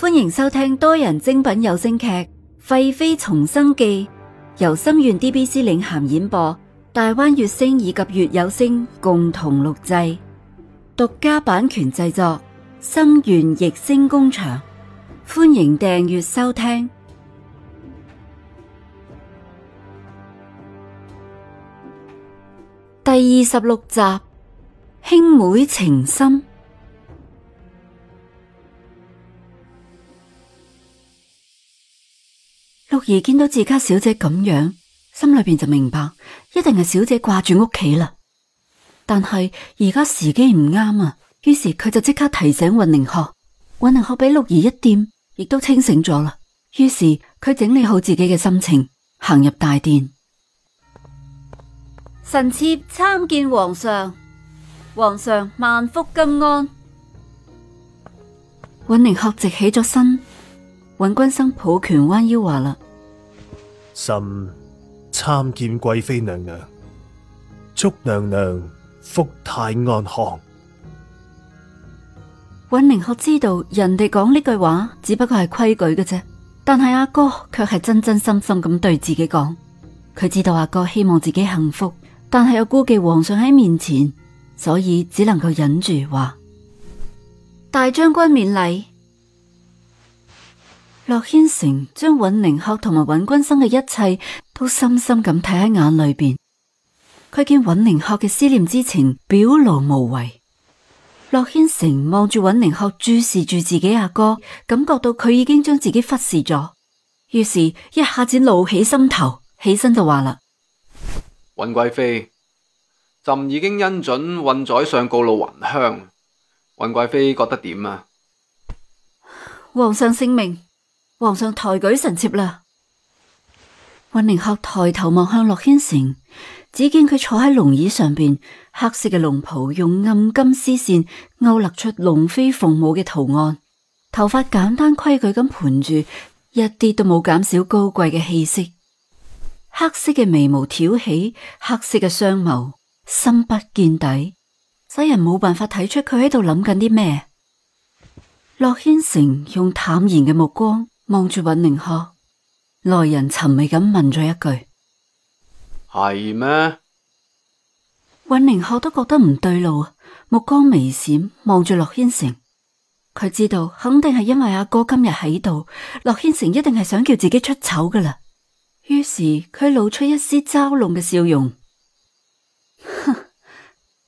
歡迎收聽多人精品有聲劇《廢妃重生記》，由心願 DBC 領銜演播，大灣悅聲以及悅有聲共同錄製，獨家版權製作，心願逸聲工場。歡迎訂閱收聽第二十六集《兄妹情深》。六兒見到自家小姐咁樣，心裏邊就明白，一定係小姐掛住屋企啦。但係而家時機唔啱啊，於是佢就即刻提醒尹寧鶴，尹寧鶴俾六兒一掂，亦都清醒咗啦。於是佢整理好自己嘅心情，行入大殿。臣妾參見皇上，皇上萬福金安。尹寧鶴直起咗身。尹君生抱拳彎腰話啦：，臣參見貴妃娘娘，祝娘娘福泰安康。尹寧學知道人哋講呢句話只不過係規矩嘅啫，但係阿哥卻係真真心心咁對自己講，佢知道阿哥，哥希望自己幸福，但係又顧忌皇上喺面前，所以只能夠忍住話：大將軍免禮。洛軒成將尹寧鶴同埋尹君生嘅一切都深深咁睇喺眼裏邊，佢見尹寧鶴嘅思念之情表露無遺。洛軒成望住尹寧鶴，注視住自己阿哥，哥，感覺到佢已經將自己忽視咗，於是，一下子怒起心頭，起身就話啦：，尹貴妃，朕已經恩准尹宰相告老還鄉，尹貴妃覺得點啊？皇上聖明。皇上抬舉臣妾啦！溫寧客抬頭望向洛軒成，只見佢坐喺龍椅上邊，黑色嘅龍袍用暗金絲線勾，勾勒出龍飛鳳舞嘅圖案，頭髮簡單規矩咁盤住，一啲都冇減少高貴嘅氣息。黑色嘅眉毛挑起，黑色嘅雙眸深不見底，使人冇辦法睇出佢喺度諗緊啲咩。洛軒成用淡然嘅目光。望住尹寧鶴，來人沉味咁問咗一句：係咩嗎？尹寧鶴都覺得唔對路，目光微閃，望住洛軒成。佢知道肯定係因為阿哥，哥今日喺度，洛軒成一定係想叫自己出醜噶啦。於是佢露出一絲嘲弄嘅笑容。哼，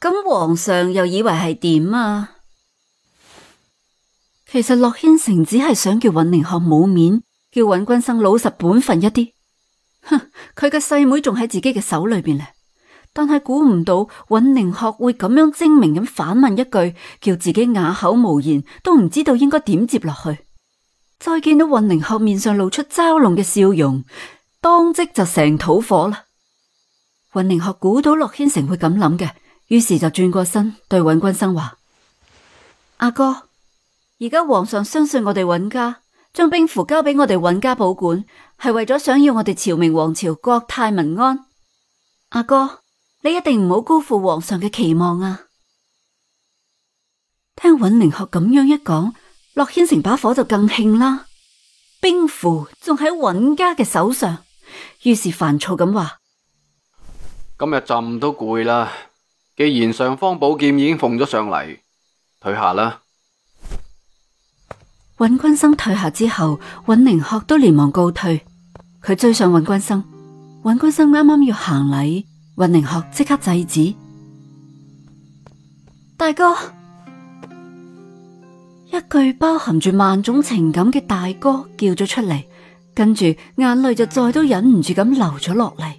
咁皇上又以為係點啊？其實洛軒成只係想叫尹寧學冇面，叫尹君生老實本分一啲。哼，佢嘅細妹仲喺自己嘅手裏邊呢。但係估唔到尹寧學會咁樣精明咁反問一句，叫自己啞口無言，都唔知道應該點接落去。再見到尹寧學面上露出嘲弄嘅笑容，當即就成肚火啦。尹寧學估到洛軒成會咁諗嘅，於是就轉過身對尹君生話：阿哥。而家皇上相信我哋尹家，將兵符交俾我哋尹家保管，係為咗想要我哋朝明王朝國泰民安。阿哥，你一定唔好辜負皇上嘅期望啊！聽尹寧學咁樣一講，駱軒成把火就更興啦。兵符仲喺尹家嘅手上，於是煩躁咁話：今日朕都攰啦，既然上方寶劍已經奉咗上嚟，退下啦。尹君生退下之後，尹寧鶴都連忙告退。佢追上尹君生，尹君生啱啱要行禮，尹寧鶴即刻制止。大哥，一句包含住萬種情感嘅大哥叫咗出嚟，跟住眼淚就再都忍唔住咁流咗落嚟。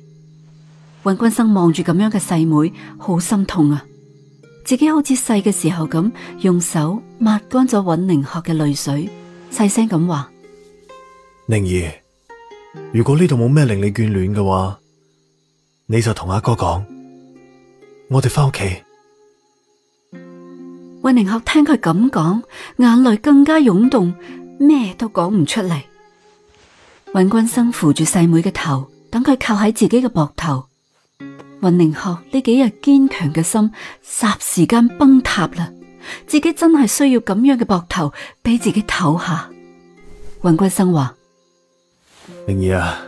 尹君生望住咁樣嘅細妹，好心痛啊！自己好似細嘅時候咁，用手抹乾咗尹寧學嘅淚水，細聲咁話：寧兒，如果呢度冇咩令你眷戀嘅話，你就同阿哥講，我哋翻屋企。尹寧學聽佢咁講，眼淚更加湧動，咩都講唔出嚟。尹君生扶住細妹嘅頭，等佢靠喺自己嘅膊頭。雲寧鶴呢幾日堅強嘅心，霎時間崩塌啦！自己真係需要咁樣嘅膊頭俾自己唞下。尹君生話：靈兒啊，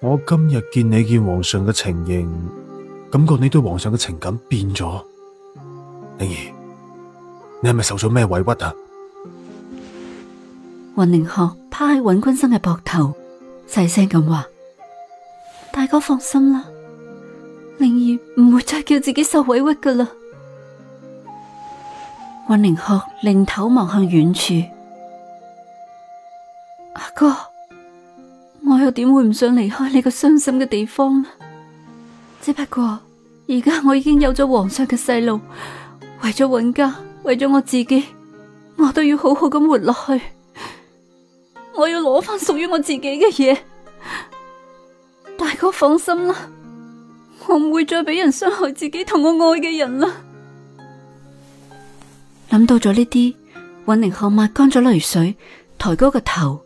我今日見你見皇上嘅情形，感覺你對皇上嘅情感變咗。靈兒，你係咪受咗咩委屈啊？雲寧鶴趴喺尹君生嘅膊頭，細聲咁話：大哥放心啦。唔會再叫自己受委屈噶啦。溫寧鶴擰頭望向遠處，阿哥，我又點會唔想離開你個傷心嘅地方呢？只不過而家我已經有咗皇上嘅細路，為咗溫家，為咗我自己，我都要好好咁活落去。我要攞翻屬於我自己嘅嘢，大哥放心啦。我唔會再俾人傷害自己同我愛嘅人啦。諗到咗呢啲，尹寧鶴抹乾咗淚水，抬高個頭，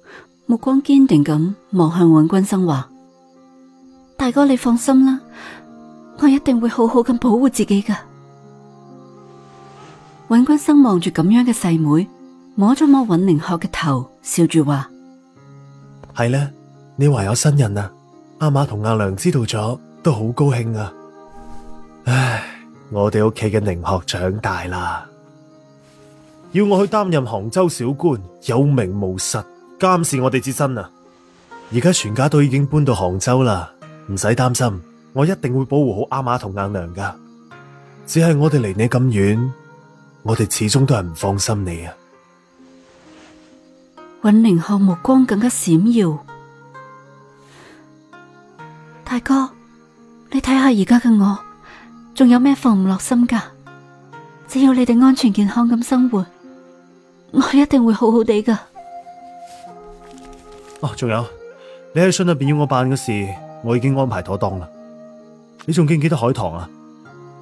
目光堅定咁望向尹君生，話：大哥，你放心啦，我一定會好好咁保護自己噶。尹君生望住咁樣嘅細妹，妹，摸咗摸尹寧鶴嘅頭，笑住話：係呢，你話有新人啦，啊，媽媽阿媽同阿娘知道咗。都好高興啊！唉，我哋屋企嘅寧學長大啦，要我去擔任杭州小官，有名無實，監視我哋之身啊！而家全家都已經搬到杭州啦，唔使擔心，我一定會保護好阿媽同阿娘噶。只係我哋離你咁遠，我哋始終都係唔放心你啊！尹寧學目光更加閃耀，大哥。你睇下而家嘅我，仲有咩放唔落心噶？只要你哋安全健康咁生活，我一定會好好地噶。哦，仲有，你喺信入邊要我辦嘅事，我已經安排妥當啦。你仲記唔記得海棠啊？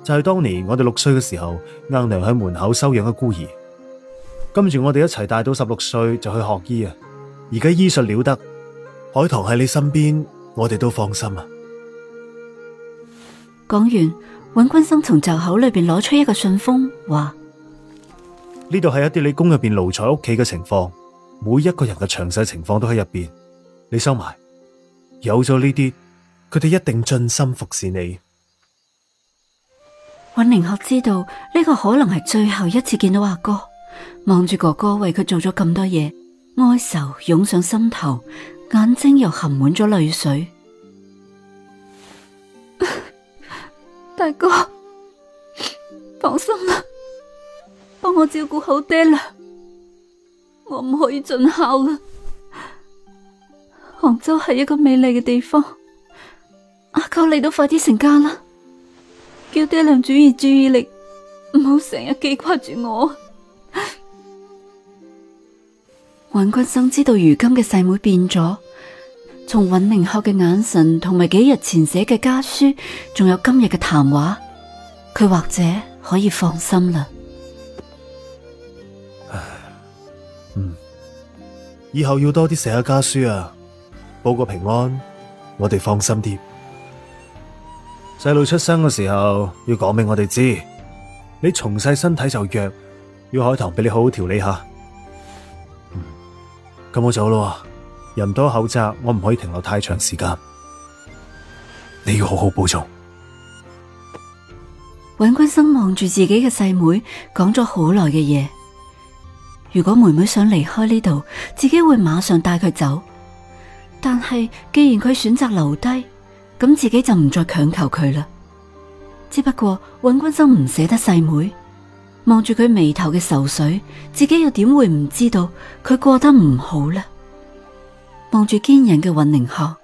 就係、是、當年我哋六歲嘅時候，阿娘喺門口收養嘅孤兒。跟住我哋一齊大到十六歲就去學醫啊。而家醫術了得，海棠喺你身邊，我哋都放心啊。講完，尹君生從袖口裏邊攞出一個信封，話：呢度係一啲你宮入邊奴才屋企嘅情況，每一個人嘅詳細情況都喺入邊，你收埋。有咗呢啲，佢哋一定盡心服侍你。尹寧學知道呢個可能係最後一次見到阿哥，望住哥哥為佢做咗咁多嘢，哀愁湧上心頭，眼睛又含滿咗淚水。大哥，放心啦，幫我照顧好爹娘，我唔可以盡孝啦。杭州係一個美麗嘅地方，阿哥你都快啲成家啦，叫爹娘注意注意力，唔好成日記掛住我。尹 君生知道如今嘅細妹變咗。從尹寧學嘅眼神，同埋幾日前寫嘅家書，仲有今日嘅談話，佢或者可以放心啦。嗯，以後要多啲寫下家書啊，報個平安，我哋放心啲。細路出生嘅時候要講俾我哋知，你從細身體就弱，要海棠俾你好好調理下。嗯，咁我走咯。人多口雜，我唔可以停留太長時間。你要好好保重。尹君生望住自己嘅細妹，講咗好耐嘅嘢。如果妹妹想離開呢度，自己會馬上帶佢走。但係既然佢選擇留低，咁自己就唔再強求佢啦。只不過尹君生唔捨得細妹，望住佢眉頭嘅愁緒，自己又點會唔知道佢過得唔好呢？望住堅韌嘅尹寧鶴，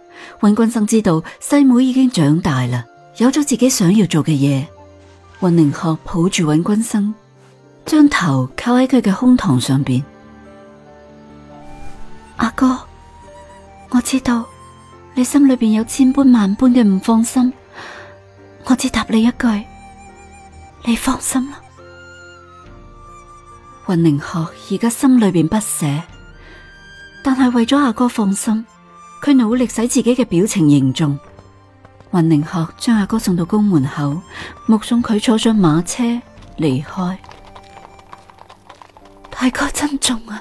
尹君生知道細妹已經長大啦，有咗自己想要做嘅嘢。尹寧鶴抱住尹君生，將頭靠喺佢嘅胸膛上邊。阿哥，我知道你心裏邊有千般萬般嘅唔放心，我只答你一句，你放心啦。尹寧鶴而家心裏邊不捨。但係為咗阿哥，哥放心，佢努力使自己嘅表情凝重。云寧鶴將阿哥送到宮門口，目送佢坐上馬車離開。大哥珍重啊！